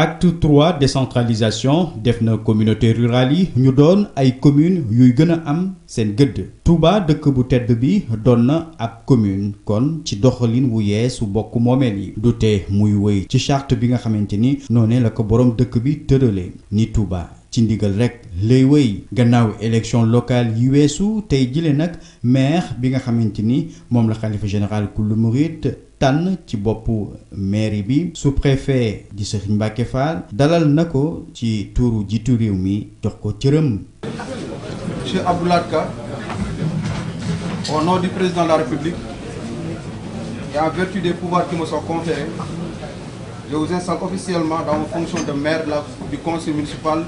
acte 3 décentralisation def na communauté rurale yi ñu doon ay commune yuy gën a am seen gëdd Touba dëkk bu tedd bi doon na ab commune kon ci doxalin wu yeesu bokk moomeel yi du te muy wéy ci charte bi nga xamante ni noonee la ko boroom dëkk bi tëralee ni Touba ci ndigal rekk lay wéy gannaaw élection locale yi weesu tey jile nag maire bi nga xamante ni moom la xalifa général kullu murit tànn ci boppu mairie bi sous-préfet di Serigne Mbacké Fall dalal na ko ci tuuru jiitu réew mi jox ko cërëm. Monsieur Abdoulaye Ka au nom du président la République et en vertu des pouvoirs qui me sont conférés je vous officiellement dans vos fonctions de maire du conseil municipal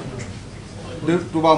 de Touba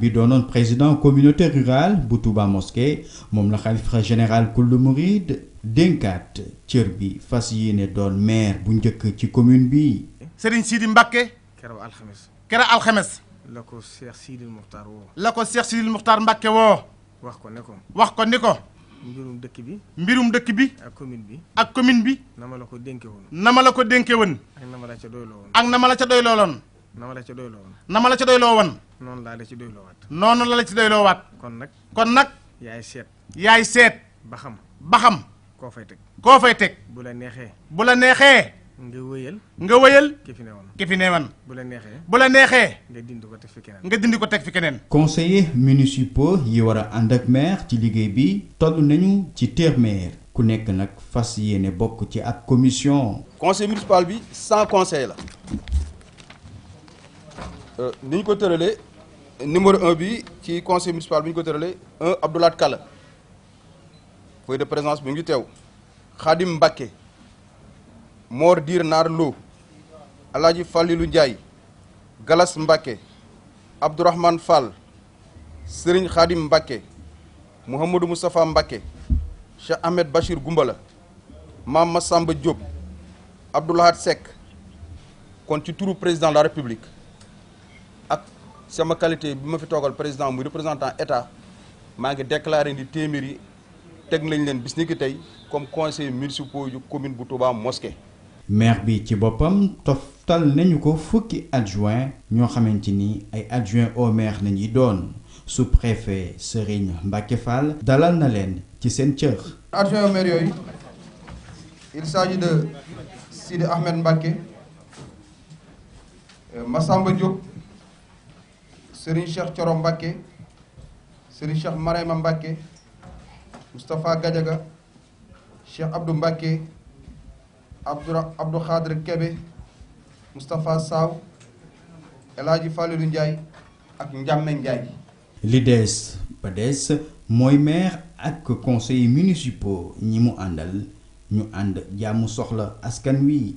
bi doonoon président communauté rurale bu Touba Mosquée moom la xalifa général kullu murid dénkaat cër bi fas yéene doon maire bu njëkk ci commune bi. Serigne Sidi Mbacke. keroog alxames. keroog alxames. la ko Cheikh Sidil Muxtaar woo. la ko Cheikh Sidil Muxtaar Mbacke woo. wax ko ne ko. wax ko ni ko. mbirum dëkk bi. mbirum dëkk bi. ak commune bi. ak commune bi. nama la ko dénke woon. nama la ko dénke woon. ak nama la ca doyloo woon. ak nama la ca doyloo woon. nama la ca doyloo nama la ca doyloo woon. noonu laa la ci doyloowaat. noonu la la ci doyloowaat. kon nag. kon nag. yaay seet. yaay seet. ba xam. ba xam. koo fay teg. koo fay teg. bu la neexee. bu la neexee. nga wëyal. nga wëyal. ki fi newoon ki fi newoon. bu la neexee. bu la neexee. nga dindi ko teg fi keneen. nga dindi ko teg fi keneen. conseillers municipaux yi war a ànd ak maire ci liggéey bi toll nañu ci téeméer ku nekk nag fas yéene bokk ci ak commission. conseil municipal bi sans conseil la. Euh, ni ñu ko tëralee numéro un bi ci conseil municipal bi ñu ko tëralee un Abdoulaye Kalla feuille de présence bi ngi teew Khadim Mbacké. Mor Dir Naar Lo Alaaji Fàllilu Njaay Galas Mbàkke Abdourahman Fall Sëriñ Xaadim Mbàkke Mouhamadou Moustapha Mbàkke Cheikh Ahmed Bachir Gumbala Maam Massamba Diop Abdoulahat Seck kon ci turu président de la république ak sama qualité bi ma fi toogal président muy représentant état maa ngi déclaré ni téeméeri yi teg nañ leen bis tey comme conseil municipal yu commune bu Touba Mosquée maire bi ci boppam toftal nañu ko fukki adjoint ñoo xamante ni ay adjoint au maire nañuy doon sous-préfet Serigne Mbacké Fall dalal na leen ci seen cër. adjoint au maire yooyu il s'agit de Sidi Ahmed Mbacké euh, Massamba Diop Serigne Cheikh Thioro Mbacké Serigne Cheikh Marema Mbacké Moustapha Gadiaga Cheikh Abdou Mbacké Abdoura Abdou Khadre Kébé Moustapha Sow El Hadji Falilou ak Ndiame Ndiaye. li des ba des mooy maire ak conseillers municipaux ñi mu àndal ñu ànd jàmm soxla askan wi.